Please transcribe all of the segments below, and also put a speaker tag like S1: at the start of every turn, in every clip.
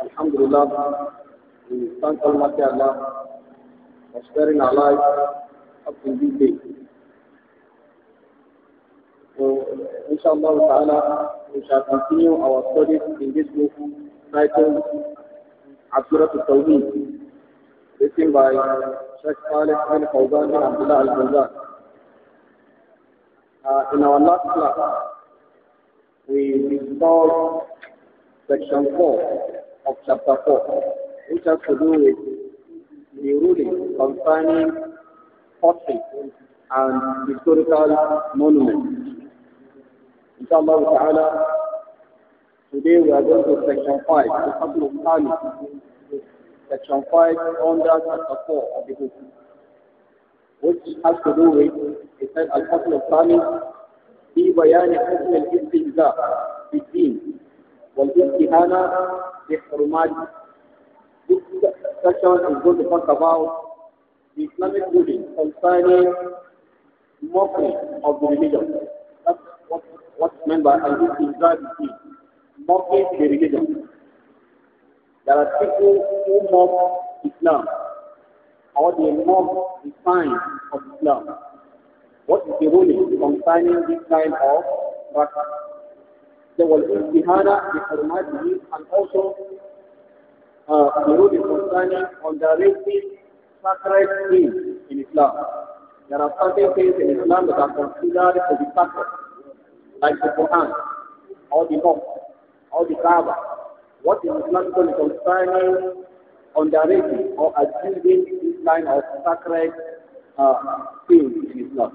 S1: Alhamdulillah, we thank Almighty Allah for sparing our life up to this day. So, inshallah ta'ala, we shall continue our studies in this book titled Asura Tawheed, written by Sheikh Khalid bin Fawzan bin Abdullah al Fawzan. Uh, in our last class, we discussed section 4 of chapter 4, which has to do with the ruling concerning pottery and historical monuments. Inshallah ta'ala, today we are going to section 5, the Couple of Army, section 5 under chapter 4 of the book, which has to do with, it said, Al-Couple of Army, في بيان حكم الاستهزاء في الدين والاستهانة the Hurumat. This section is going to talk about the Islamic ruling concerning mockery of the religion. That's what, what's meant by anti-Islam mocking the religion. There are people who mock Islam or they mock the signs of Islam. What is the ruling concerning this kind of practice? there was istihana بحرماته and also Qurud uh, concerning on the raising sacred things in Islam. There are certain things in Islam that are considered to be sacred, like the Quran, or the mosque, or the Kaaba. What is Islam concerning on the raising or achieving this kind of sacred uh, things in Islam?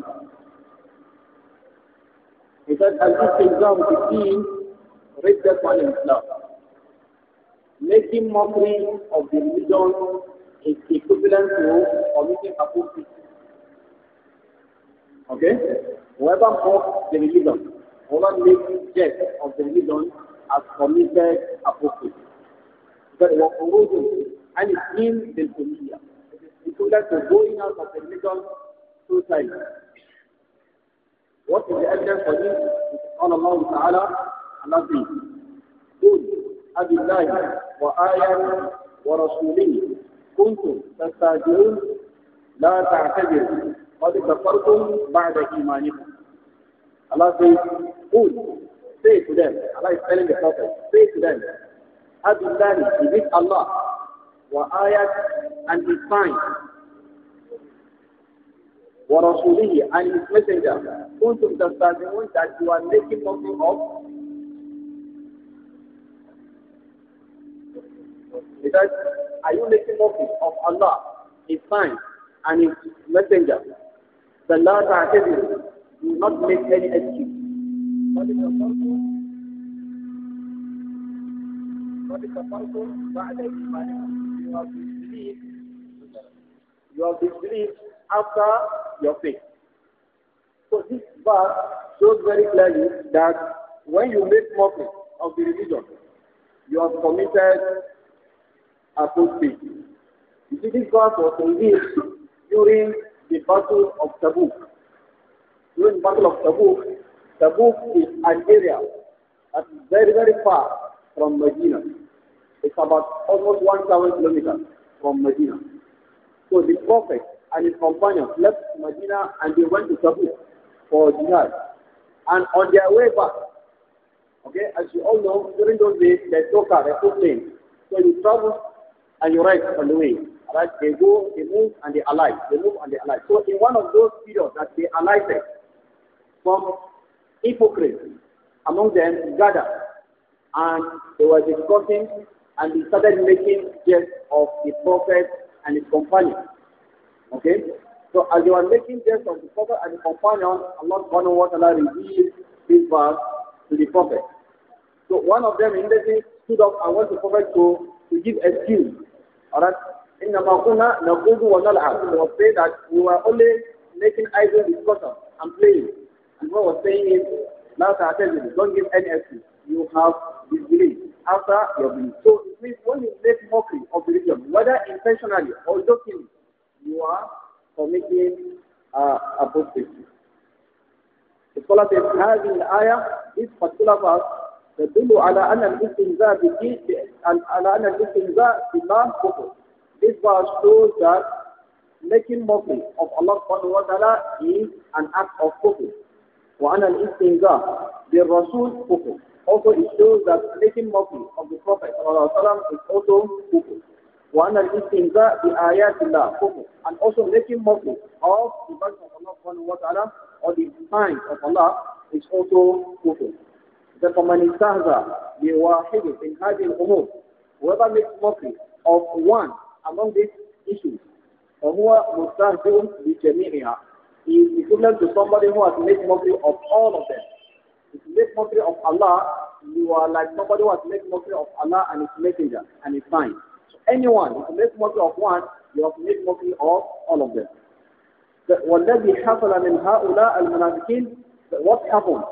S1: He said, Al-Istihzam fi deen, riddat wal Islam. Making mockery of the religion is equivalent to committing apostasy. Okay? Whoever mocks the religion, whoever makes jest of the religion, has committed apostasy. That But وَقُرُوجٌ عَنِ الدِّينِ بِالْكُلِّيَّةِ It is equivalent to going out of the religion suicide. وفي ذلك الحديث قال الله تعالى عن ابي قل ابي الله واياته ورسوله كنتم تستهزئون لا تعتذروا قد كفرتم بعد ايمانكم الله سي قل say to them Allah is telling the prophet say to them ابي الله is with Allah وآيات and his signs ورسوله and his messenger كنتم تستاذنون that you are making nothing of because are you making nothing of Allah his sign and his messenger the Lord you do not make any excuse you have disbelief. you have after your faith. So this verse shows very clearly that when you make mockery of the religion, you have committed apostasy. You see, this verse was revealed during the Battle of Tabuk. During the Battle of Tabuk, Tabuk is an area that is very, very far from Medina. It's about almost 1,000 kilometers from Medina. So the Prophet and his companions left Medina and they went to Tabuk for jihad. And on their way back, okay, as you all know, during those days, they took a there's plane. So you travel and you rest on the way. Right? They go, they move, and they alight. They move and they alight. So in one of those periods that they alighted, some hypocrites among them gathered, and they were discussing, and they started making jest of the prophet and his companions. Okay? So as you are making death of the Prophet and the companion, Allah subhanahu wa ta'ala revealed this verse to the Prophet. So one of them immediately stood up and went to the Prophet to, to give excuse. Alright? إنما كنا نقود ونلعب. He was saying that we were only making idle discussion and playing. And what was saying is, now I you, don't give any excuse. You have disbelief after your belief. So it means when you make mockery of religion, whether intentionally or jokingly, you are committing uh, apostasy. The scholar says, the ayah, this particular verse, تدل على أن الاستنزاء بالدين على أن الاستنزاء بالله كفر. This verse shows that making mockery of Allah subhanahu wa ta'ala is an act of kufr. وأن الاستنزاء بالرسول كفر. Also it shows that making mockery of the Prophet is also kufr. One وأن الاستهزاء بآيات الله كفر and also making mockery of the verse of Allah subhanahu wa ta'ala or the sign of Allah is also kufr. Therefore, man istahza hidden in هذه الأمور whoever makes mockery of one among these issues فهو مستهزئ بجميعها he is equivalent to somebody who has made mockery of all of them. If you make mockery of Allah, you are like somebody who has made mockery of Allah and His Messenger and His signs anyone, if you make mockery of one, you have to make mockery of all of them. What happened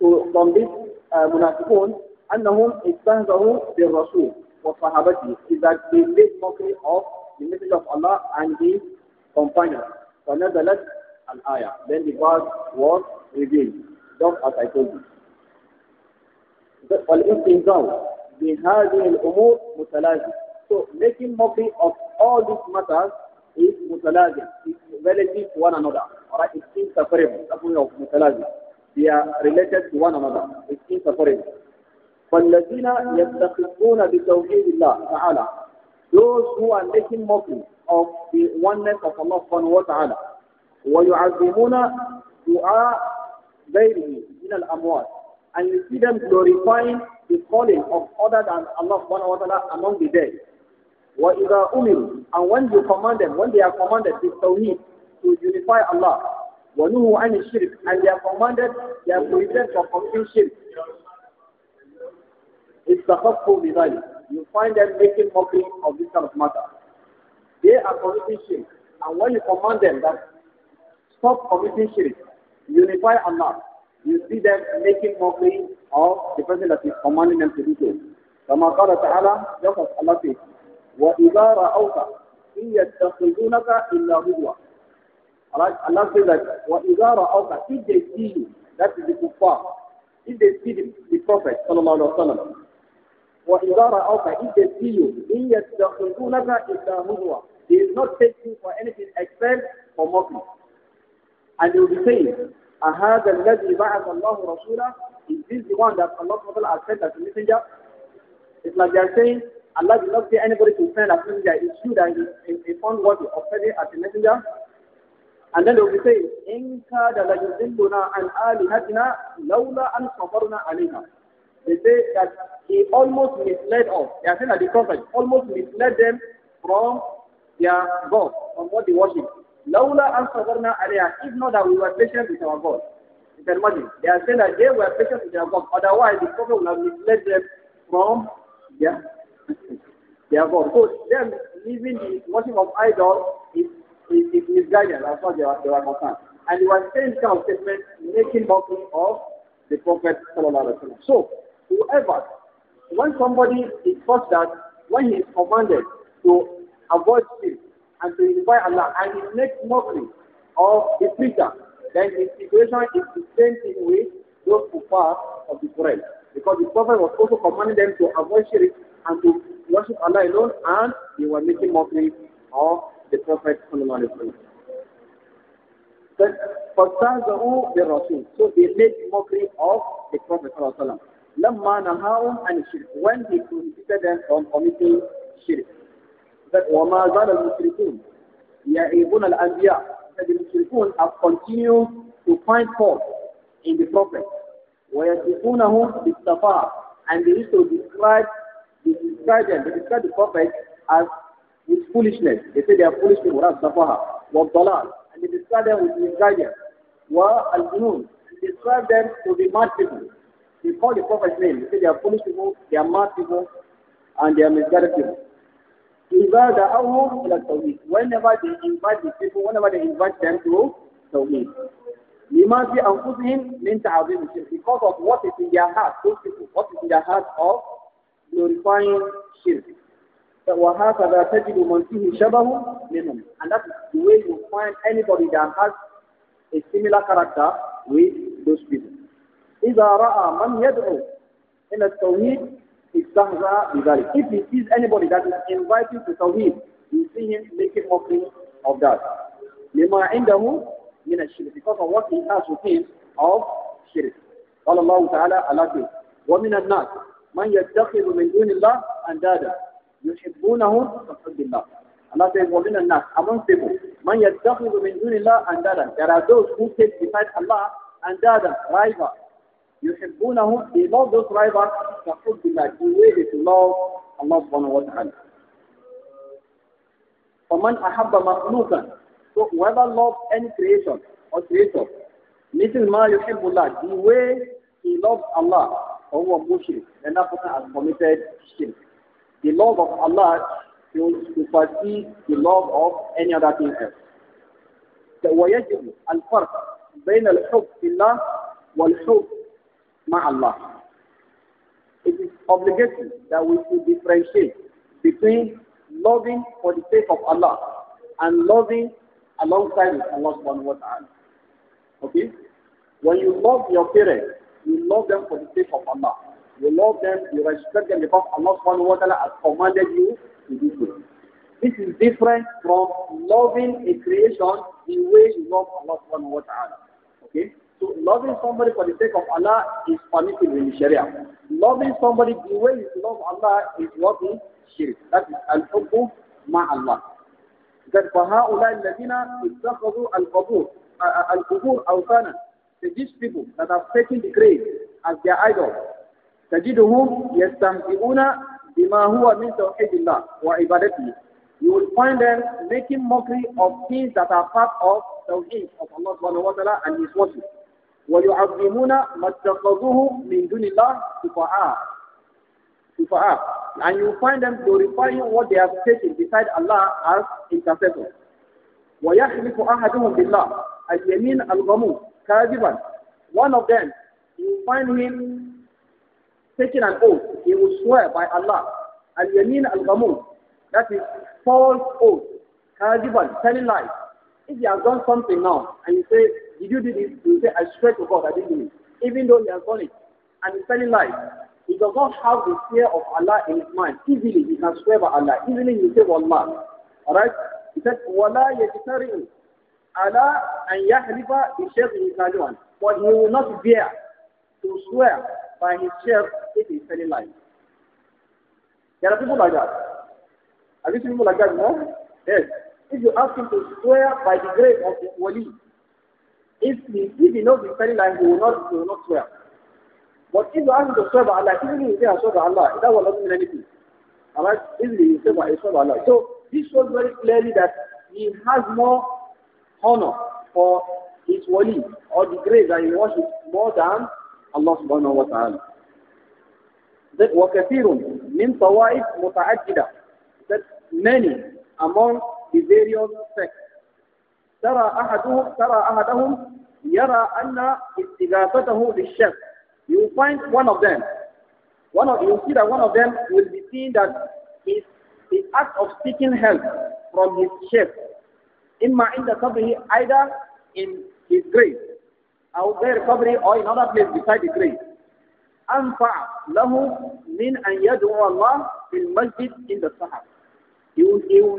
S1: to, from this, uh, munafiqun? أَنَّهُمْ اِسْتَهْزَهُ بِالرَّسُولِ وَصَحَابَتِهِ Is that they made mockery of the message of Allah and his companions. فَنَزَلَتْ الْآيَةِ Then the verse was revealed, just as I told you. والإستهزاء بهذه الأمور متلازم. So making mockery of all these matters is متلازم. It's relative to one another. Alright, it's inseparable. That's of متلازم. They are related to one another. It's inseparable. فالذين يستخفون بتوحيد الله تعالى those who are making mockery of the oneness of Allah subhanahu wa ta'ala ويعظمون دعاء غيره من الأموات and you see them glorifying the calling of other than Allah subhanahu wa ta'ala among the dead. وَإِذَا umir And when you command them, when they are commanded to tawheed, to unify Allah, وَنُهُوا عَنِ shirk, And they are commanded, they are from committing shirk. It's the hurtful design. You find them making mockery of this kind of matter. They are committing shirk. And when you command them that stop committing shirk, unify Allah, you see them making mockery or the person that is commanding them to do so. كما قال تعالى just Allah says وإذا رأوك إن يتخذونك إلا هزوا Allah says that وإذا رأوك if they see you that is the kuffar if they see the, the prophet صلى الله عليه وسلم وإذا رأوك if they see you إن يتخذونك إلا هزوا they will not taking for anything except for mockery and they will be saying أهذا الذي بعث الله رسوله Is this the one that Allah SWT has sent as a messenger? It's like they are saying, Allah did not say anybody to send as a messenger. It's you that is a found what He offered as a messenger.
S2: And then they will say,
S1: إِن كَادَ لَيُذِلُّنَا عَنْ آلِهَتِنَا لَوْلَا an صَبَرْنَا عَلَيْهَا They say that he almost misled us. They are saying that the Prophet almost misled them from their God, from what they worship. لَوْلَا an صَبَرْنَا عَلَيْهَا If not that we were patient with our God. You can imagine. They are saying that they were patient with their God. Otherwise, the Prophet would have misled them from their, their God. So, them leaving the worship of idols is, is, is misguided That's why they were, they were concerned. And they were saying kind of statement, making mockery of the Prophet. So, whoever, when somebody is taught that, when he is commanded to avoid sin and to invite Allah, and he makes mockery of the preacher, then the situation is the same thing with those who kuffar of the Qur'an, Because the Prophet was also commanding them to avoid shirk and to worship Allah alone, and they were making mockery of the Prophet. But فَاسْتَهْزَئُوا بِالرَّسُولِ So they made mockery of the Prophet ﷺ. لَمَّا نَهَاهُمْ عَنِ الشِّرْكِ When he prohibited them from committing shirk. That وَمَا زَالَ الْمُشْرِكُونَ يَعِبُونَ الْأَنْبِيَاءَ the people have continued to find fault in the Prophet. وَيَصِفُونَهُ بِالصَّفَاء And they used to describe, they describe them, they describe the Prophet as with foolishness. They say they are foolish people, they safaha, وَالضَّلَالِ And they describe them with misguidance. وَالْجُنُونَ They describe them to be mad people. They call the Prophet's name. They say they are foolish people, they are mad people, and they are misguided people. Whenever they invite the people, whenever they invite them to Tawheed. لِمَا فِي them مِنْ our الشِّرْكِ Because of what is in their heart, those people, what is in their heart of glorifying shirk. وهكذا تجد من فيه شبه منهم and that is the way you find anybody that has a similar character with those people إذا رأى من يدعو إلى التوحيد bidari. If he sees anybody that is inviting to Tawheed, you see him making mockery of that. لما min من الشرك because of what he has with him of shirk. قال الله تعالى على ومن الناس من يتخذ من دون الله أندادا يحبونهم كحب الله. Allah says, ومن الناس among people من يتخذ من دون الله أندادا. There are those who take beside Allah أندادا rival يحبونه they love those rivals كحب الله the way they love Allah subhanahu wa ta'ala فمن أحب مخلوقا so whoever loves any creation or creator مثل ما يحب الله the way he loves Allah فهو مشرك then that person has committed shirk the love of Allah will supersede the love of any other thing else ويجب الفرق بين الحب في الله والحب Allah, It is obligatory that we should differentiate between loving for the sake of Allah and loving alongside with Allah subhanahu wa ta'ala. Okay? When you love your parents, you love them for the sake of Allah. You love them, you respect them because Allah subhanahu wa ta'ala has commanded you to do so. This is different from loving a creation the way you love Allah subhanahu wa ta'ala. Okay? So loving somebody for the sake of Allah is permitted in Sharia. Loving somebody the way you love Allah is what is shirk. That is al-hubbu Allah. That فَهَؤُلَاءِ الَّذِينَ اتَّخَذُوا الْقَبُورِ الْقُبُورِ أَوْثَانًا So these people that have taken the grave as their idol, تَجِدُهُمْ يَسْتَمْتِعُونَ بِمَا هُوَ مِنْ تَوْحِيدِ اللَّهِ وَعِبَادَتِهِ You will find them making mockery of things that are part of Tawheed of Allah subhanahu wa ta'ala and His worship. وَيُعَظِّمُونَ مَا اتَّخَذُوهُ مِنْ دُونِ اللَّهِ سُفَهَاءَ Sufa'ah. And you find them glorifying what they have taken beside Allah as intercessors. وَيَحْلِفُ أَحَدُهُمْ بِاللَّهِ الْيَمِينَ الْغَمُوسِ كَاذِبًا One of them, you find him taking an oath. He will swear by Allah. Al-Yamin al-Ghamun. That is false oath. Kaziban, telling lies. If he has done something now and you say, did you do this? You say, I swear to God, I didn't do it. Even though he has done it. And he's telling lies. He does not have the fear of Allah in his mind. Easily, he can swear by Allah. Easily, he say, Wallah. Alright? He said, وَلَا يَجْتَرِئُ عَلَىٰ أَنْ يَحْلِفَ بِشَيْخِهِ كَالِوًا But he will not dare to swear by his sheikh if he's telling lies. There are people like that. Have you seen people like that? No? Yes. If you ask him to swear by the grave of the wali, if he, if he knows his spelling line, he will not, he will not swear. But if you ask him to swear by Allah, even if he says, I swear by Allah, that will not mean anything. Alright? Easily, he says, I swear by Allah. So, this shows very clearly that he has more honor for his wali or the grave that he worships more than Allah subhanahu wa ta'ala. That وَكَثِيرٌ مِنْ طَوَائِفْ مُتَعَدِّدَةٍ That many among the various sects ترى أحدهم ترى أحدهم يرى أن استغاثته للشيخ you find one of them one of you see that one of them will be seen that is the act of seeking help from his chef in my إما عند قبره either in his grave out there قبره or in another place beside the grave أنفع له من أن يدعو الله في المسجد the الصحابة he will, he will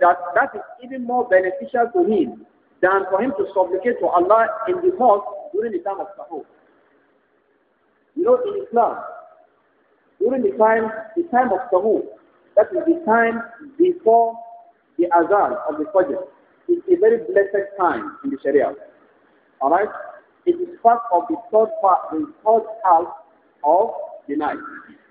S1: that that is even more beneficial to him than for him to supplicate to Allah in the mosque during the time of Sahur. You know, in Islam, during the time, the time of Sahur, that is the time before the Azan of the Fajr, is a very blessed time in the Sharia. Alright? It is part of the third part, the third half of the night.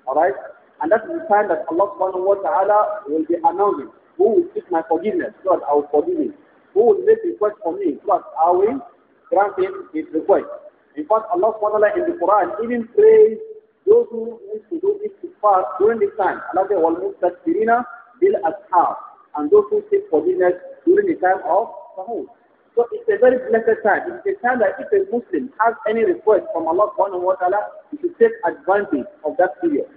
S1: Alright? And that is the time that Allah subhanahu wa ta'ala will be announcing who will seek my forgiveness so that I will forgive him. Who will make request for me so that I will grant him his request. In fact, Allah subhanahu wa ta'ala in the Quran even prays those who need to do fast during this time. Allah says, وَالْمُسْتَكْبِرِينَ بِالْأَسْحَارِ And those who seek forgiveness during the time of Sahur. So it's a very blessed time. It's a time that if a Muslim has any request from Allah subhanahu wa ta'ala, he should take advantage of that period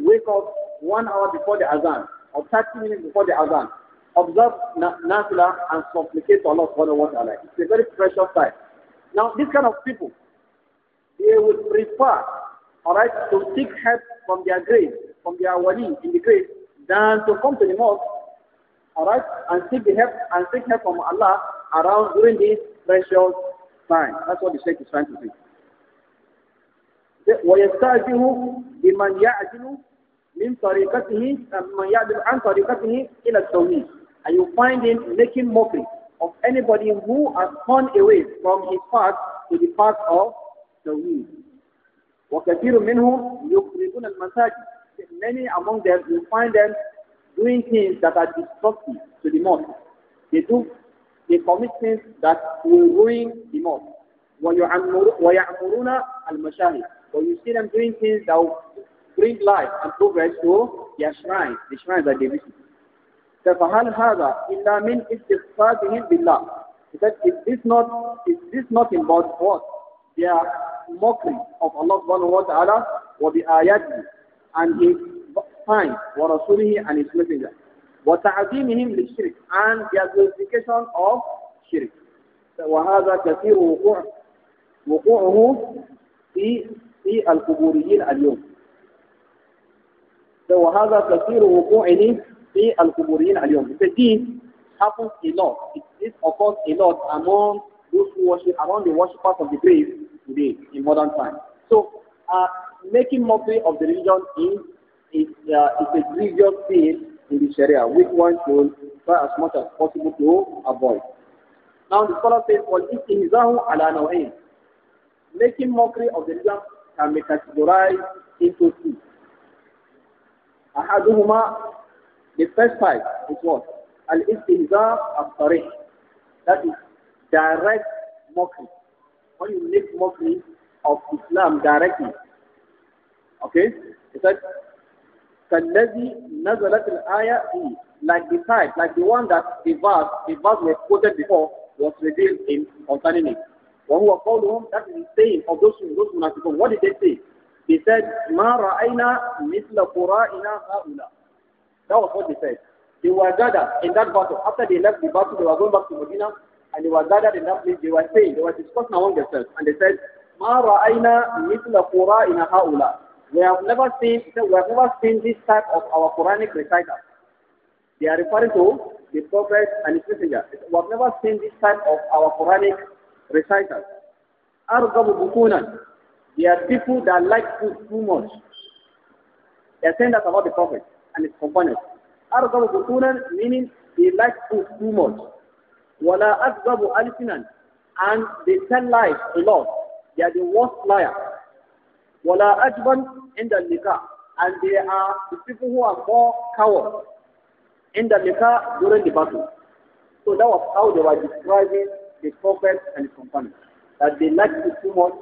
S1: wake up one hour before the azan or 30 minutes before the azan. Observe nafila and supplicate to Allah subhanahu wa ta'ala. It's a very precious time. Now, these kind of people, they would prefer, all right, to seek help from their grave, from their wali in the grave, than to come to the mosque, all right, and seek the help and seek help from Allah around during this precious time. That's what the Sheikh is trying to say. ويستأجر بمن يعدل من طريقته من يعدل عن طريقته إلى التوحيد and you find him making mockery of anybody who has turned away from his path to the path of the tawhid. وكثير منهم يخربون المساجد many among them you find them doing things that are destructive to the mosque. They do they commit things that will ruin the mosque. ويعمرون المشاهد but you see them doing things that will bring life and progress to their shrines, the shrines that they visit. So فَهَلْ هَذَا إِلَّا مِنْ إِسْتِغْفَادِهِمْ بِاللَّهِ He said, is this not, is this not about what? Their mockery of Allah subhanahu wa ta'ala وَبِآيَاتِهِ and His signs, sign وَرَسُولِهِ and His messenger. وَتَعْظِيمِهِمْ لِلشِّرِكِ and their glorification of shirk. وَهَذَا كَثِيرُ وقوع وقوعه في في القبوريين اليوم so وهذا كثير وقوعه في القبوريين اليوم so this happens a lot it, this occurs a lot among those who worship among the worshippers of the grave today in modern times so uh, making mockery of the religion is is, uh, is a grievous sin in the Sharia which one should try as much as possible to avoid now the scholar says, "Well, Making mockery of the religion can be categorized into two. أحدهما the first type is what? Al-istihza al-tarih. That is direct mockery. When you make mockery of Islam directly. Okay? It's like, كَالَّذِي نَزَلَتِ الْآيَةِ فِي Like the type, like the one that the verse, the verse was quoted before, was revealed in concerning it. وهو قولهم that is the saying of those those munafiqun what did they say they said ما رأينا مثل قرائنا هؤلاء that was what they said they were gathered in that battle after they left the battle they were going back to Medina and they were gathered in that place they were saying they were discussing among themselves and they said ما رأينا مثل قرائنا هؤلاء we have never seen we have never seen this type of our Quranic reciter they are referring to the prophet and his messenger we have never seen this type of our Quranic reciters. Argabu bukunan. They are people that like food too much. They are saying that about the Prophet and his companions. Argabu bukunan meaning they like food too much. Wala azgabu alfinan. And they tell lies a lot. They are the worst liars. Wala ajban in the And they are the people who are more cowards in the nikah during the battle. So that was how they were describing the Prophet and his companions. That they like it too much,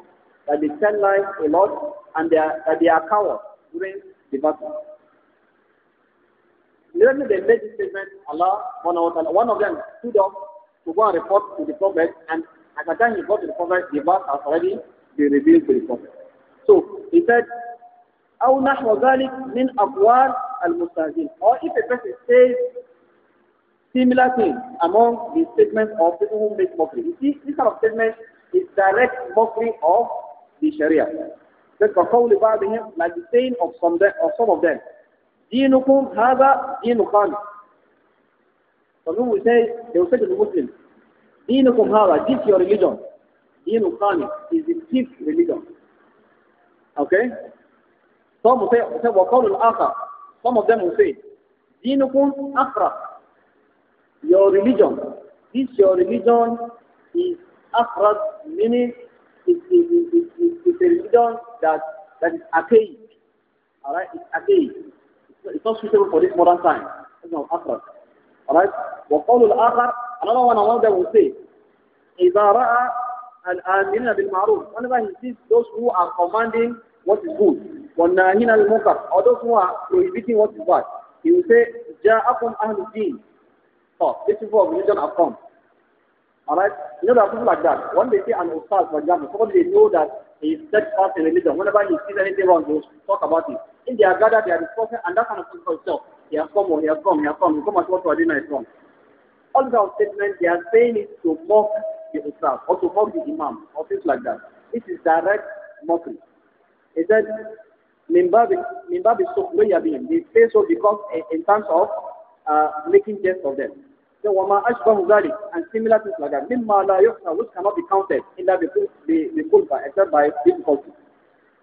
S1: that they tell lies a lot, and they are, that they are cowards during the battle. Later they made this statement, Allah, one of, one of them stood up to go and report to the Prophet, and at the time he got to the Prophet, the verse has already been revealed to the Prophet. So he said, أو نحو ذلك من أقوال المستهزئين. Or if a person says Similar thing among the statements of people who make mockery. You see, this kind of statement is direct mockery of the Sharia. Just like the saying of some, of some of them. دينكم هذا دين So, Some people will say, they will say to the Muslims, دينكم هذا, this your religion. Deen Khani is the chief religion. Okay? Some will say, وقول الآخر. Some of them will say, دينكم أخرى your religion. This your religion is afrod, meaning it, it, it, it, it's a religion that, that is archaic. Alright, it's archaic. It's, not suitable for this modern time. It's not afrod. Alright? وقول الآخر another one among them will say إذا رأى الآمرين بالمعروف whenever he sees those who are commanding what is good والناهين المنكر or those who are prohibiting what is bad he will say جاءكم أهل الدين First, these people of religion have come. Alright? You know, there are people like that. When they see an ustaz, for example, somebody they know that he is steadfast in religion. Whenever he sees anything wrong, they talk about it. In their are they are discussing, and that kind of thing for itself. He has come, or oh, he has come, he has come, he come and what Radina is wrong. All these statements, they are saying it to mock the ustaz, or to mock the imam, or things like that. This is direct mockery. He said, Mimbabi, Mimbabi Sukhriya They say so because in terms of uh, making jest of them. So wama ashbahu zalik and similar things like that. Mimma la yuhsa which cannot be counted illa bi kulfa except by difficulty.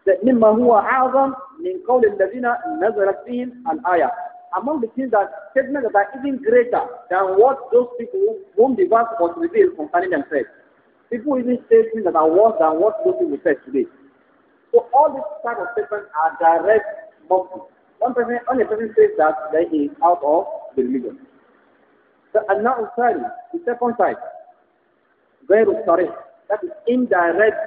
S1: That mimma huwa a'zam min qawli alladhina nazalat fihim al aya Among the things that statements that are even greater than what those people whom the verse was revealed concerning themselves. People even say things that are worse than what those people said today. So all these type of statements are direct mockery. One person, when person says that, they he is out of the religion. The Allah Ansari, the second type, very sorry. that is indirect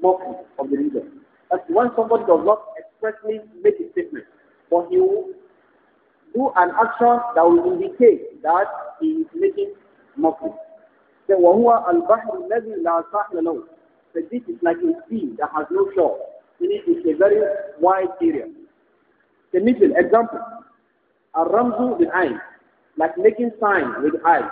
S1: mockery of the religion. That's when somebody does not expressly make a statement, but he will do an action that will indicate that he is making mockery. So, وَهُوَ الْبَحْرُ الَّذِي لَا سَحْلَ لَهُ So this is like a sea that has no shore. It is a very wide area. The middle example, a with eyes, like making sign with eyes.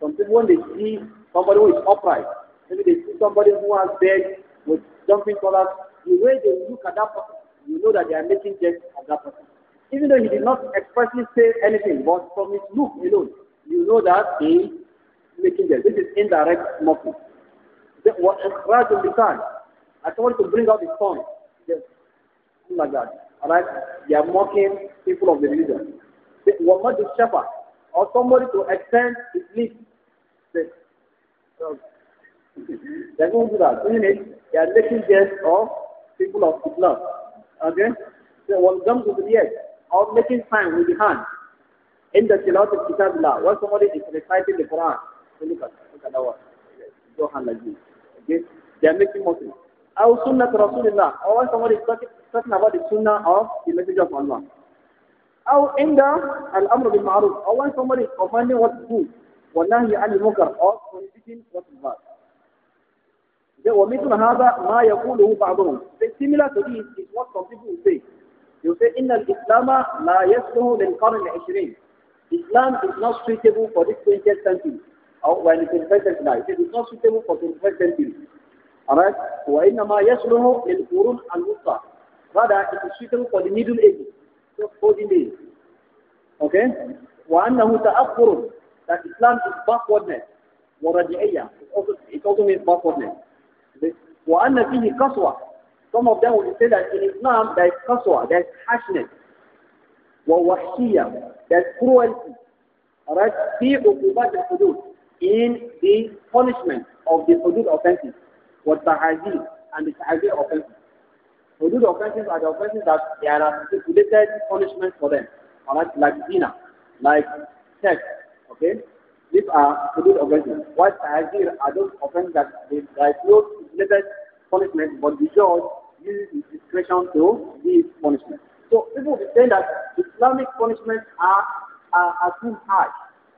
S1: Some people when they see somebody who is upright, maybe they see somebody who has bed with jumping colors, the way they look at that person, you know that they are making gestures. of that person. Even though he did not expressly say anything, but from his look alone, you know that he is making gestures. This is indirect mockery. That was a the sign. I told to bring out his tongue. Yes. Like that. Right, They are mocking people of the religion. They Muhammad is shepherd or somebody to extend his lips. They won't uh, do that, isn't it? They are making jest of people of Islam. Okay? they one comes to the yes or making sign with the hand. In the Tilat of Kitabillah, when somebody is reciting the Quran, so look at, look at that one. Your hand like this. Okay? They are making mockery. أو سنة رسول الله أو أنت talking, talking بعد السنة أو of the الله أو عند الأمر بالمعروف أو أنت somebody is commanding what والنهي عن المكر أو prohibiting what ومثل هذا ما يقوله بعضهم في to this is what some people will إن الإسلام لا يصلح للقرن العشرين Islam is not suitable for this 20th century أو when it is 20th century it is not suitable for 21st century Alright? وَإِنَّمَا يَسْلُهُ لِلْقُرُونَ الْوُسْطَى Rather, it is suitable for the Middle Ages, just 40 days. Okay? وَأَنَّهُ تَأَخُّرٌ That Islam is backwardness. وَرَجِعِيَّة It also, it also means backwardness. وَأَنَّ فِيهِ قَسْوَةٌ Some of them will say that in Islam there is qaswa, there is harshness. وَوَحْشِيَّة There is cruelty. Alright? فِي عُقُوبَاتِ الْحُدُودِ In the punishment of the hudud offenses what tahajid and the tahajid offenses. Hudud offenses are the offenses that there are stipulated punishments for them. Alright, like zina, like sex, okay? These are hudud offenses. What tahajid are those offenses that they, there is stipulated punishment, but the judge uses his discretion to give punishment. So people will say that Islamic punishments are, are, are too high.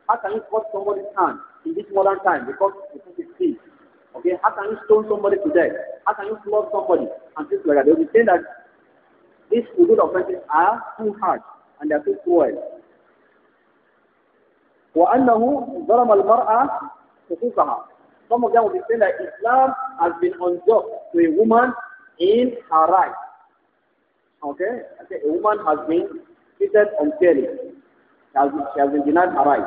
S1: How can you cut somebody's hand in this modern time because it is peace. Okay, how can you stone somebody to death? How can you flog somebody? And things like that. They will be saying that these hudud offenses are too hard and they are too cruel. وأنه ظلم المرأة حقوقها. Some of them will be saying that Islam has been unjust to a woman in her right. Okay? A woman has been treated unfairly. She has, been, denied her right.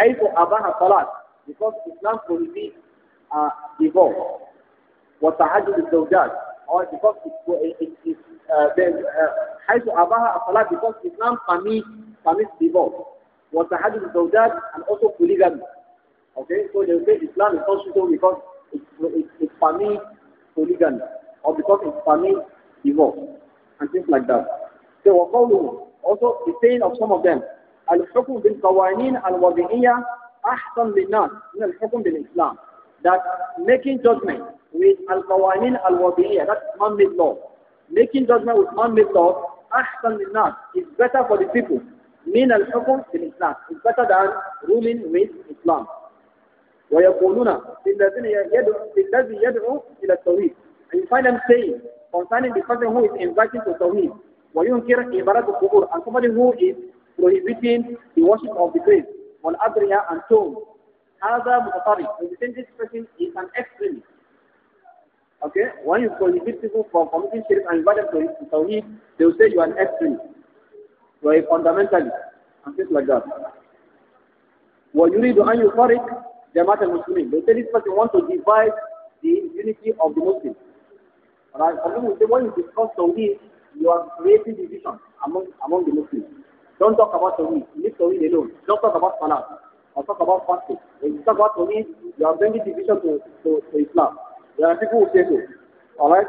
S1: حيث أباها الصلاة because Islam prohibits uh, divorce, what the hajj is or because it, it, it, it, uh, then hajj uh, abaha asalat because Islam permits permits divorce, what the hajj is and also polygamy. Okay, so they say Islam is constitutional because it, it, it permits polygamy or because it permits divorce and things like that. So what also the saying of some of them. Al-Hukum bin Kawainin al-Wabi'iyah Ahsan bin Nas, Al-Hukum bin Islam that making judgment with al-qawanin al wabiyah that's man-made law. Making judgment with man-made law, ahsan nas is better for the people. Min al-hukum in Islam. is better than ruling with Islam. ويقولون للذين يدعو للذي يدعو إلى التوحيد. And you find them saying concerning the person who is inviting to Tawheed, وينكر عبادة القبور, and somebody who is prohibiting the worship of the grave, والأدرية and tombs, هذا متطرف and this person is an extremist okay when you prohibit people from committing shirk and invite them to tawheed they will say you are an extremist you are a fundamentalist and things like that ويريد أن يفرق جماعة المسلمين they say this person wants to divide the unity of the Muslims right for people say when you discuss tawheed you are creating division among among the Muslims don't talk about tawheed leave tawheed alone don't talk about salah I'll talk about fasting. When you talk about only. you are bringing division to, to, to Islam. There are people who say so. Alright?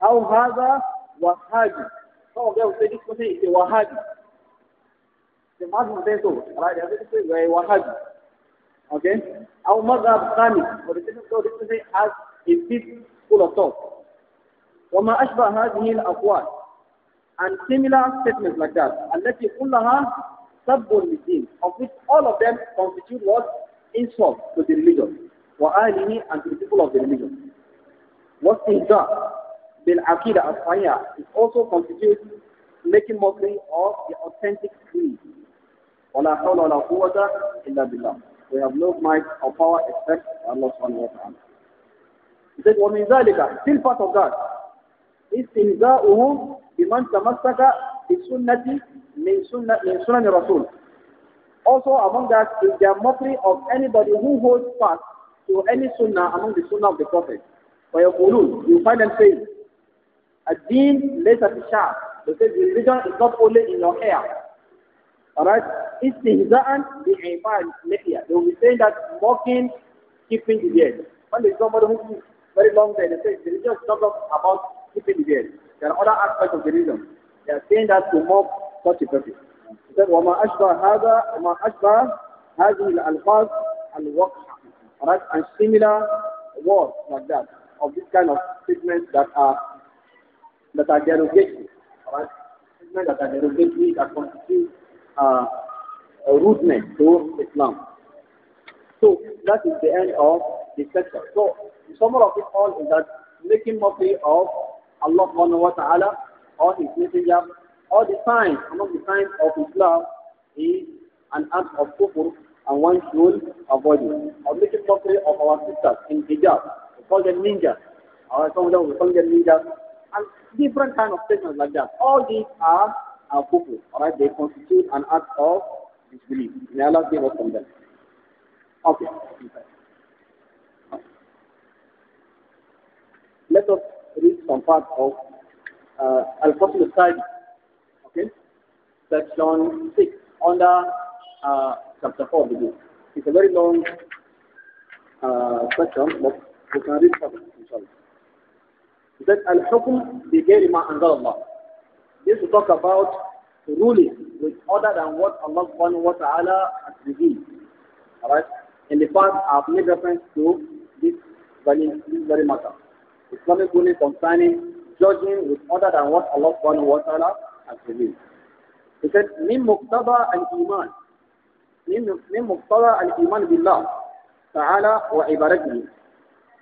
S1: How Haza wahhabi? Some of them will say this person is a Wahabi. The Muslim will say so. Alright? They are saying they are wahhabi. Okay? How Mazhab Khani. But the person will say has a bit full of thought. وما أشبه هذه الأقوال and similar statements like that التي كلها sabbun din, of which all of them constitute what? Insult to the religion. وآله and to the people of the religion. What is that? واستهزاء بالعقيدة الصحيحة is also constitutes making mockery of the authentic creed. ولا حول ولا قوة إلا بالله. We have no might or power except Allah subhanahu wa ta'ala. He said, ومن ذلك, still part of that, استهزاؤهم بمن تمسك بسنة min sunnah min sunnah Rasul. Also among that is the mockery of anybody who holds fast to any sunnah among the sunnah of the Prophet. ويقولون you find them saying الدين ليس في shar. they say the religion is not only in your hair alright استهزاء بعفاء اللحية they will be saying that mocking keeping the beard when there is somebody who is very long time. they say the religion is not about keeping the beard there are other aspects of the religion they are saying that to mock 40-30. وَمَا أَشْبَهَ هَذَا وَمَا أَشْبَهَ هَذِهِ الْأَلْفَاظ الْوَقْحَةِ Alright, and similar words like that, of this kind of statements that are that are derogatory. right? statements that are derogatory that constitute uh, rudeness to Islam. So that is the end of the section. So the summary of it all is that making mockery of Allah subhanahu wa ta'ala or his messenger all the signs, among the signs of Islam is an act of kufr and one should avoid it. Or making mockery of our sisters in hijab. We call them ninjas. Or some of them we call them ninjas. And different kind of statements like that. All these are are kufr. Alright, they constitute an act of disbelief. May Allah give us from them. Okay. Let us read some part of uh, Al-Fasl al 6, section 6, under uh, chapter 4 of the book. It's a very long uh, section, but we can read from it, inshallah. That Al-Hukm بِغَيْرِ ma anzal Allah. This will talk about ruling with other than what Allah subhanahu wa ta'ala has revealed. Alright? In the past, I've made reference to this very, this very matter. Islamic ruling concerning judging with other than what Allah subhanahu wa ta'ala الحديث. He said, من مقتضى الإيمان من مقتضى الإيمان بالله تعالى وعبادته.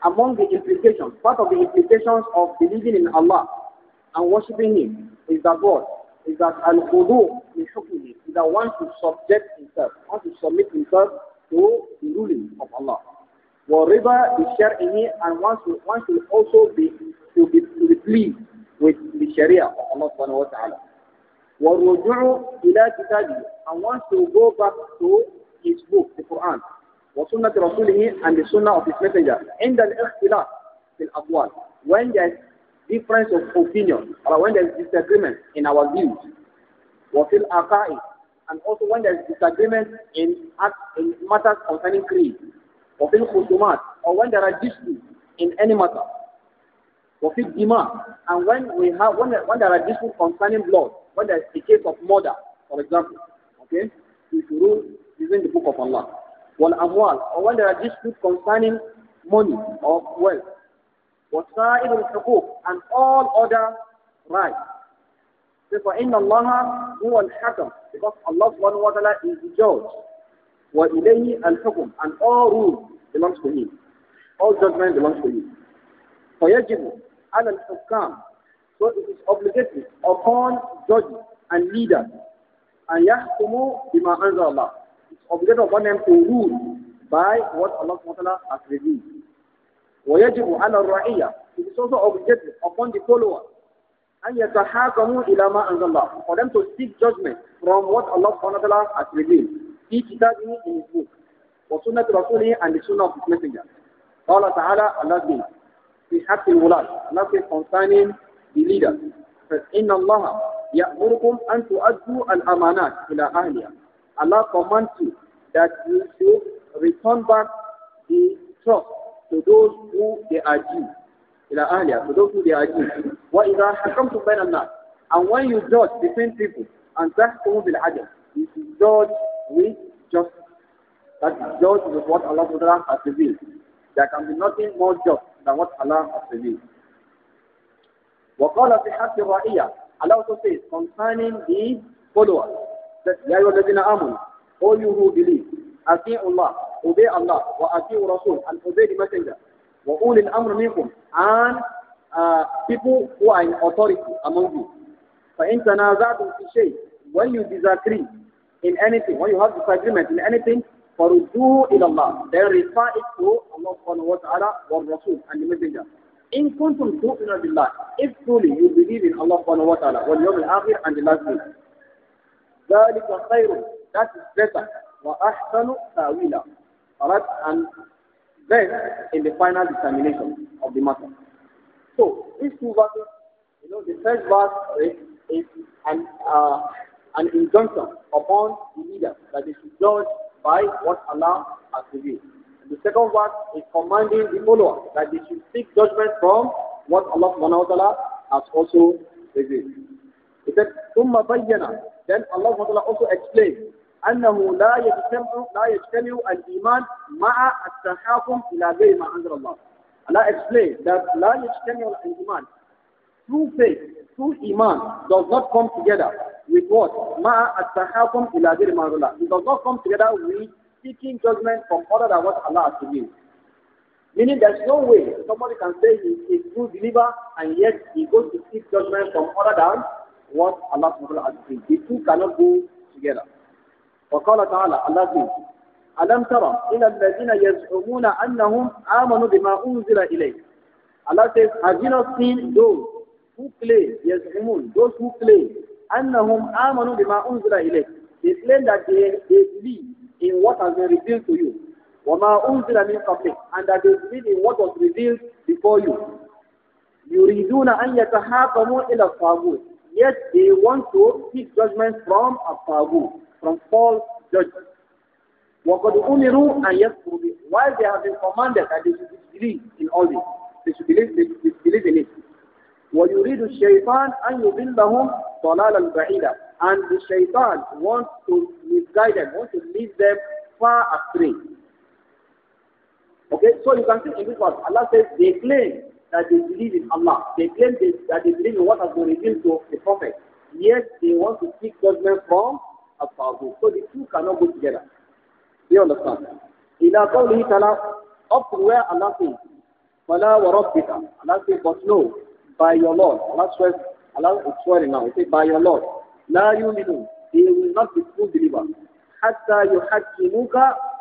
S1: Among the implications, part of the implications of believing in Allah and worshipping Him is that what? Is that al-khudu min hukmihi, is that one to subject himself, one to submit himself to the ruling of Allah. وَرِضَى بِشَرْعِهِ and one to one should also be to be, to be pleased with the Sharia of Allah subhanahu wa ta'ala. وَالرُّجُعُ إِلَى كِتَابِهِ And want to go back to his book, the Quran. وَسُنَّةِ رَسُولِهِ And the sunnah of his messenger. عند الاختلاف في الأقوال When there is difference of opinion, or when there is disagreement in our views, وفي العقائد and also when there is disagreement in, in matters concerning creed, وفي الخصومات or when there are disputes in any matter, وفي الدماء and when we have when, when there are disputes concerning blood, when there's a case of murder, for example, okay, is should rule using the book of Allah. Wal amwal, or when there are disputes concerning money or wealth. وسائر الحقوق and all other rights. So فإن الله هو الحكم because Allah subhanahu wa ta'ala is the judge. وإليه الحكم and all rule belongs to him. All judgment belongs to him. فيجب على الحكام so it is obligatory upon judges and leaders. And yahkumu bima anzal Allah. It's obligatory upon them to rule by what Allah SWT has revealed. ويجب على الرعية It is also obligatory upon the follower أن يتحاكموا إلى ما أنزل الله for them to seek judgment from what Allah SWT has revealed في كتابه in his book وسنة رسوله and the sunnah of his messenger قال تعالى الله في حق الولاة nothing concerning the leader. Says, إِنَّ اللَّهَ يَأْمُرُكُمْ أَن Al Amanat إِلَى أَهْلِهَا Allah commands you that you should return back the trust to those who they are due. إِلَى أَهْلِهَا To those who they are due. وَإِذَا come to النَّاسِ And when you judge between people, and تَحْكُمُوا بِالْعَدْلِ You should judge with justice. That is judge with what Allah has revealed. There can be nothing more just than what Allah has revealed. وقال في حق الرعية Allah also says concerning the followers that يا أيها الذين آمنوا all you who believe أطيعوا الله obey Allah وأطيعوا رسول and obey the messenger وأولي الأمر منكم and uh, people who are in authority among you فإن تنازعتم في شيء when you disagree in anything when you have disagreement in anything فرجوه إلى الله then refer it to Allah subhanahu wa والرسول and the messenger in kuntum tu'minu billah, if truly you believe in Allah subhanahu wa ta'ala, wal yawm al-akhir and the last day. ذَلِكَ خَيْرٌ That is better. وَأَحْسَنُ and then in the final determination of the matter. So, these two verses, you know, the first verse is, is an, uh, an injunction upon the leader that they should judge by what Allah has revealed. The second one is commanding the follower that they should seek judgment from what Allah subhanahu wa ta'ala has also revealed. He said, ثُمَّ بَيَّنَا Then Allah subhanahu wa ta'ala also explained, أنه لا يجتمع لا يجتمع الإيمان مع التحاكم إلى غير ما أنزل الله. Allah explained that لا يجتمع الإيمان True faith, true iman does not come together with what? مع التحاكم إلى غير ما أنزل الله. It does not come together with seeking judgment from other than what Allah has revealed. Meaning there's no way somebody can say he is a true believer and yet he goes to seek judgment from other than what Allah has revealed. The two cannot go together. وقال تعالى الله says ألم ترى إلى الذين يزعمون أنهم آمنوا بما أنزل إليك Allah says have you not seen those who claim يزعمون those who claim أنهم آمنوا بما أنزل إليك they claim that they, they believe in what has been revealed to you. وَمَا أُنزِلَ مِنْ قَبْلِكَ And that is they what was revealed before you. يُرِيدُونَ أَنْ يَتَحَاكَمُوا إِلَى الطَّاغُوتِ Yet they want to seek judgment from a tabu, from false judgment. وَقَدْ أُمِرُوا أَنْ يَكْفُرُوا بِهِ While they have been commanded that they should believe in all this, they should believe, they should believe in it. وَيُرِيدُ الشَّيْطَانُ أَنْ يُضِلَّهُمْ ضَلَالًا بَعِيدًا and the shaitan wants to misguide them, wants to lead them far astray. Okay, so you can see in this verse, Allah says they claim that they believe in Allah. They claim they, that they believe in what has been revealed to the Prophet. Yet they want to seek judgment from a Tawbud. So the two cannot go together. You understand? إِلَىٰ قَوْلِهِ تَعَالَىٰ Up to where Allah says, فَلَا وَرَبِّكَ Allah says, but no, by your Lord. Allah swears, Allah is swearing now. He says, by your Lord. لا يؤمنون they will not be true believers حتى يحكموك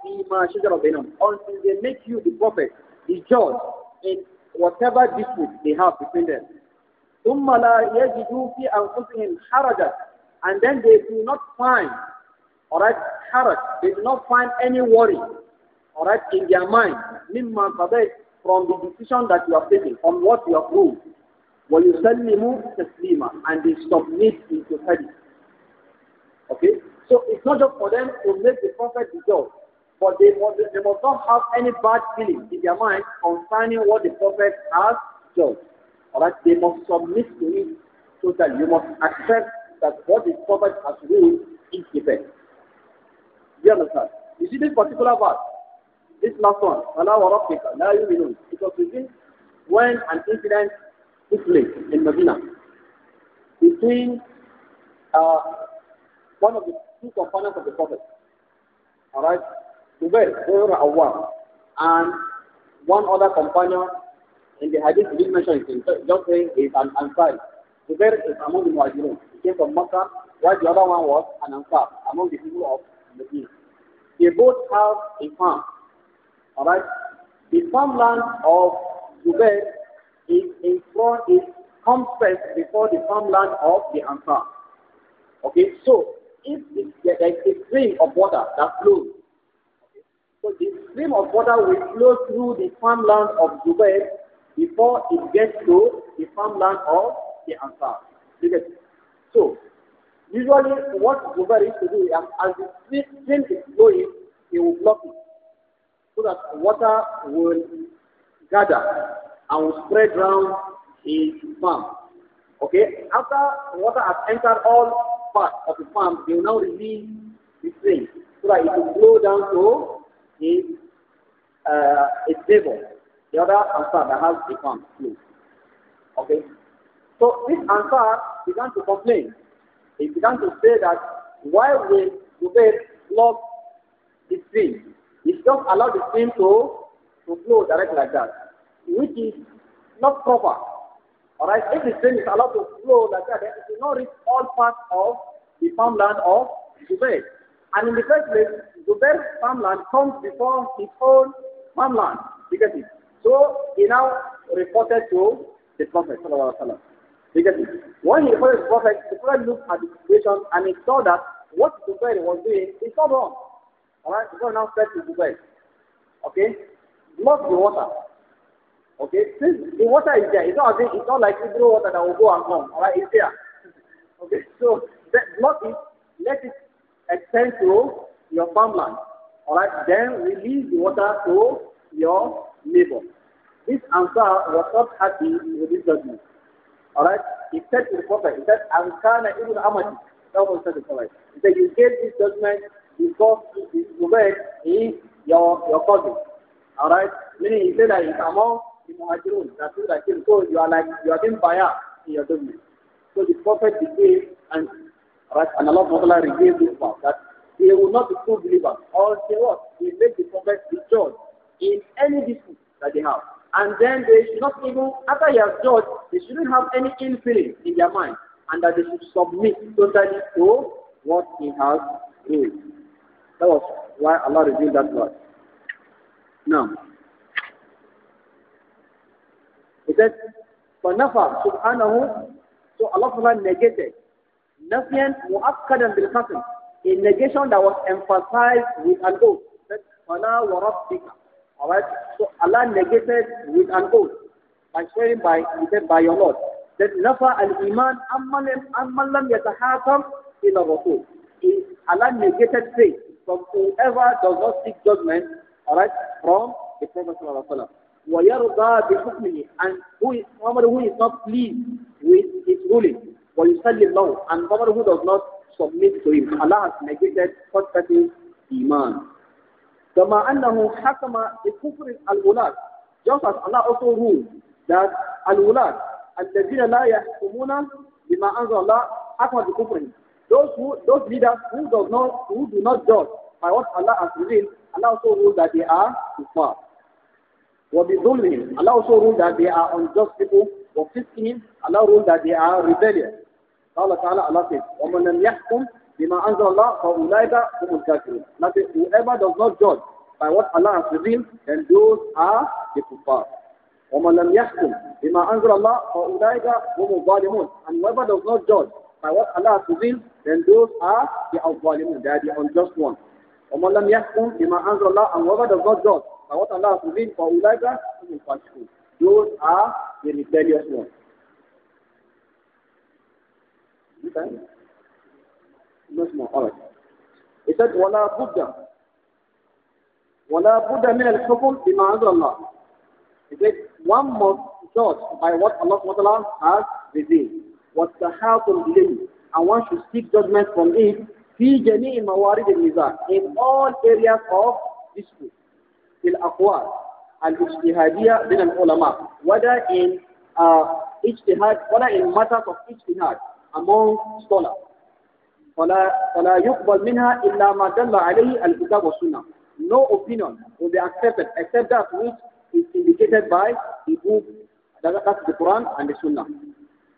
S1: فيما شجر بينهم until they make you the prophet the judge in whatever dispute they have between them ثم لا يجدوا في أنفسهم حرجا and then they do not find alright حرج they do not find any worry alright in their mind مما قضيت from the decision that you are taking, from what you have ruled وَيُسَلِّمُ تَسْلِيمًا And they submit into heaven. Okay? So it's not just for them to make the prophet the but they must, they must not have any bad feeling in their mind concerning what the prophet has done. Alright? They must submit to it totally. You must accept that what the prophet has ruled is the best. You understand? You see this particular verse, this last one, Allah wa you will know It was written when an incident Place in Medina between uh, one of the two companions of the Prophet, all right, Zubair, Zubair Awwam, and one other companion in the hadith we mention him, just saying is an Ansari. Zubair is among the Muajirun. He came from Makkah, while the other one was an Ansar, among the people of Medina. They both have a farm, all right. The farmland of Zubair is in front, is comes first before the farmland of the Ansar. Okay, so if there is a stream of water that flows, okay, so the stream of water will flow through the farmland of Zubair before it gets to the farmland of the Ansar. So, usually what Zubair is to do is as the stream is flowing, he will block it so that water will gather and will spread round his farm. Okay? After water has entered all parts of the farm, they will now release the stream so that it will flow down to his, uh, his neighbor, the other answer that has the farm Okay? So this answer began to complain. He began to say that why will Zubair block the stream? He just allowed the stream to, to flow directly like that which is not proper. Alright, if the stream is allowed to flow like that, it will not reach all parts of the farmland of Zubair. And in the first place, Zubair's farmland comes before his own farmland. You get it? So he now reported to the Prophet. Because when he reported to the Prophet, the Prophet looked at the situation and he saw that what Zubair was doing is not wrong. Alright, so now said to Zubair, okay, block the water. Okay, since the water is there, it's not, it's not like you throw water that will go and come. Alright, it's there. okay, so that block it, let it extend to your farmland. Alright, then release the water to your neighbor. This answer was not happy with this judgment. Alright, he said to the prophet, he said, and ibn Amati. That was said to the prophet. He said, You gave this judgment because this Zubayr is your, your cousin. Alright, meaning he said that it's among the Muhajirun. That means like him. So you are like, you are being biased in your domain. So the Prophet gave and, right, and Allah Ta'ala gave this vow that they will not be true believers. Or they what? They make the Prophet be judged in any dispute that they have. And then they should not even, after they have judged, they shouldn't have any ill feeling in their mind. And that they should submit totally to what he has ruled. That was why Allah revealed that verse. Now, it for Nafa, Subhanahu, So Allah subhanahu negated. Nafiyan mu'akkadan bil qasm. A negation that was emphasized with an oath. That فَنَا وَرَبِّكَ Alright, so Allah negated with an oath. By swearing by, he said, by your Lord. That nafa al-iman amman ammalam yatahakam ila rasul. Allah negated faith from whoever does not seek judgment, alright, from the Prophet sallallahu alaihi wasallam. وَيَرْضَى بِحُكْمِهِ And who is, somebody who is not pleased with his ruling, وَيُسَلِّمْ لَهُ And somebody who does not submit to him. Allah has negated such person's iman. كما أنه حكم بكفر الولاة just as Allah also ruled that الولاة الذين لا يحكمون بما أنزل الله حكم بكفرهم those who those leaders who does not who do not judge by what Allah has revealed Allah also ruled that they are kuffar وَبِظُلْمِهِمْ Allah also rule that they are unjust people. وَفِسْقِهِمْ Allah rule that they are rebellious. Allah Ta'ala, Allah says, وَمَنْ لَمْ يَحْكُمْ بِمَا أَنْزَلَ اللَّهُ فَأُولَٰئِكَ هُمُ الْكَافِرُونَ whoever does not judge by what Allah has revealed, then those are the kuffar. وَمَنْ لَمْ يَحْكُمْ بِمَا أَنْزَلَ اللَّهُ فَأُولَٰئِكَ هُمُ الظَّالِمُونَ And whoever does not judge by what Allah has revealed, then those are the al-zalimun, they are the unjust ones. وَمَنْ لَمْ يَحْكُمْ بِمَا أَنْزَلَ اللَّهُ And whoever does not judge and what Allah has revealed for Ulaika is impossible. Those are the rebellious ones. Okay? No more. All right. He said, وَلَا بُدَّ وَلَا بُدَّ مِنَ الْحُكُمْ بِمَا أَنزَلَ اللَّهُ He said, one must judge by what Allah SWT has revealed. وَالتَّحَاطُ الْلِينِ And one should seek judgment from it في جميع موارد النزاع in all areas of dispute. في الأقوال الاجتهادية من العلماء whether in uh, اجتهاد whether in matters of اجتهاد among scholars فلا فلا يقبل منها إلا ما دل عليه الكتاب والسنة no opinion will be accepted except that which is indicated by the book that's the Quran and the Sunnah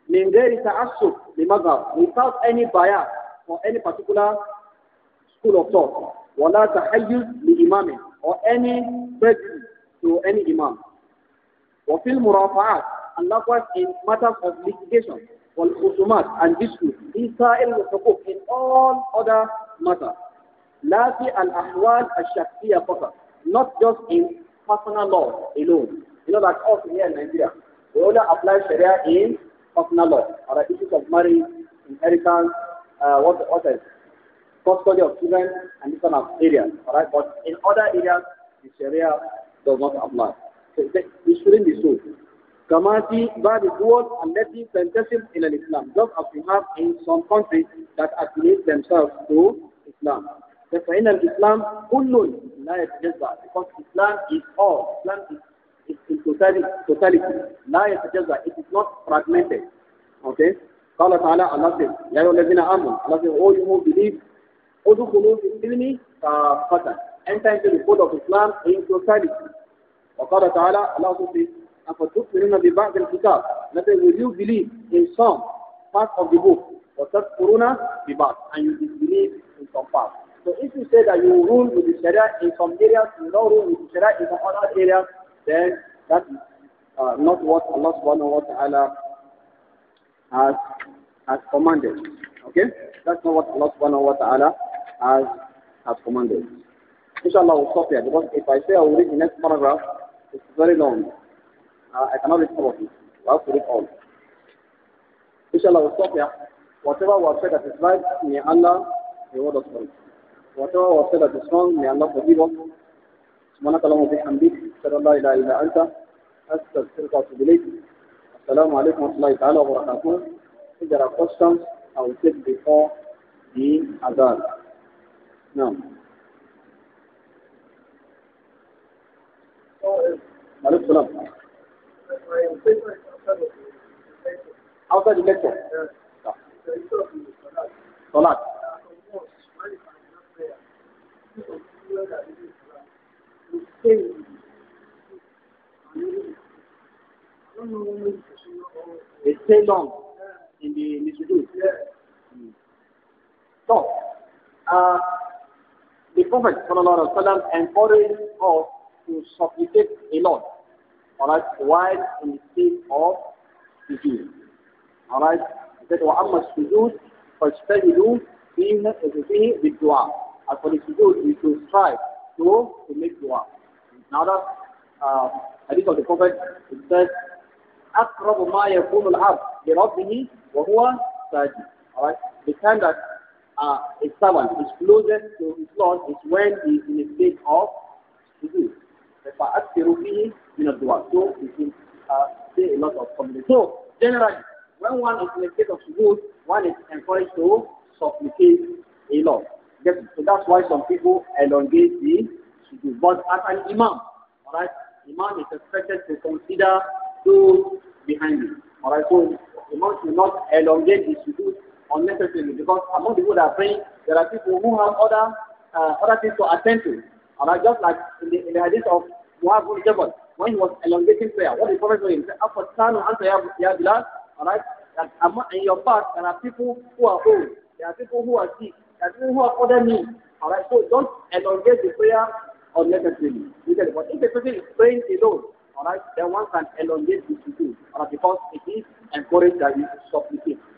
S1: من غير تعصب لمذهب without any bias for any particular school of thought ولا تحيز لإمامه or any bedroom to any imam. وفي Murafaat, and likewise in matters of litigation or والخصومات and disputes في سائر الحقوق in all other matters لا في الأحوال الشخصية فقط not just in personal law alone you know that also here in Nigeria we only apply Sharia in personal law or the issues of marriage inheritance uh, what what else custody of children and these kind of areas, alright? But in other areas, the Sharia does not apply. So it shouldn't be so. كما في and الدول التي تنتسب إلى الإسلام just as we have in some countries that affiliate themselves to Islam in an Islam, الإسلام كل لا يتجزأ because Islam is all Islam is, is in totality, totality لا يتجزأ it is not fragmented okay قال تعالى الله says يا أيها الذين آمنوا الله says all you who believe ادخلوا في السلم كافة enter into the fold of Islam in totality وقال تعالى الله says أفتؤمنون ببعض الكتاب That will you believe in some part of the book وتذكرون ببعض and you disbelieve in some part So if you say that you rule with the Sharia in some areas, you don't rule with the Sharia in the other areas, then that is uh, not what Allah subhanahu wa ta'ala has, has commanded. Okay? That's not what Allah subhanahu wa ta'ala as has commanded. Inshallah, we'll stop here because if I say I will read the next paragraph, it's very long. Uh, I cannot read all of it. I have to read all. Inshallah, we'll stop here. Whatever was said that is right, may Allah reward us for it. Whatever was said that is wrong, may Allah forgive us. سبحانك اللهم وبحمدك أشهد أن لا إله إلا أنت أستغفرك وأتوب إليك السلام عليكم ورحمة الله تعالى وبركاته If there are questions, I will take before the Adhan. نعم عليه السلام outside the lecture صلاة They stay long in the, in yeah. Hmm. So, uh, the Prophet وسلم, encouraged us to supplicate a lot, alright, while in the state of sujood. Alright, he said, وَأَمَّا السُّجُودُ فَاجْتَهِدُوا فِيهِ بِالدُّعَى And for the sujood, we should strive to, to make dua. Another uh, um, hadith of the Prophet, it says, أَقْرَبُ مَا يَكُونُ الْعَبْدِ لِرَبِّهِ وَهُوَ سَاجِدٌ Alright, the time that uh, a servant is closest to his Lord is when he is in a state of disease. So we can uh, say a lot of comedy. So, generally, when one is in a state of good, one is encouraged to supplicate a lot. That's, so that's why some people elongate the sujood. But as an imam, alright, imam is expected to consider those behind him. Alright, so imam should not elongate the shudu unnecessarily because among the people that are praying, there are people who have other uh, other things to attend to. And right? just like in the, in the hadith of Muaz bin Jabal, when he was elongating prayer, what the Prophet told him, said, After Sanu answer Ya Bilal, alright, that among, in your past, there are people who are old, there are people who are sick, there are people who have other needs. Alright, so don't elongate the prayer unnecessarily. Because if a person is praying alone, alright, then one can elongate the sujood, alright, because it is encouraged that you supplicate.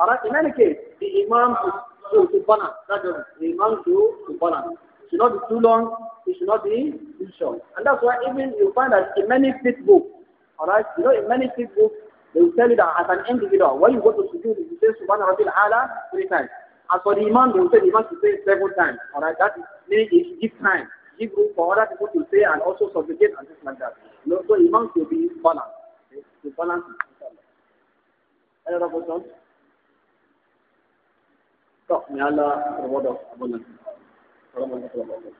S1: Alright, in any case, the Imam should, should balance. That not The Imam should, balance. It should not be too long, it should not be too short. And that's why even you find that in many fit books, alright, you know, in many fit books, they will tell you that as an individual, when you go to sujood, you say Subhana Rabbil Ala three times. As for the Imam, they will say the Imam should say several times. Alright, that is, meaning give time, give room for other people to say and also supplicate and things like that. You know, so Imam should be balanced. Okay? To balance ẹ̀rọ bọ̀tọ̀ tọ́ ní alá ọ̀rọ̀bọ̀dọ̀ abọ́lẹ̀ ọ̀rọ̀bọ̀dọ̀ ọ̀rọ̀bọ̀dọ̀.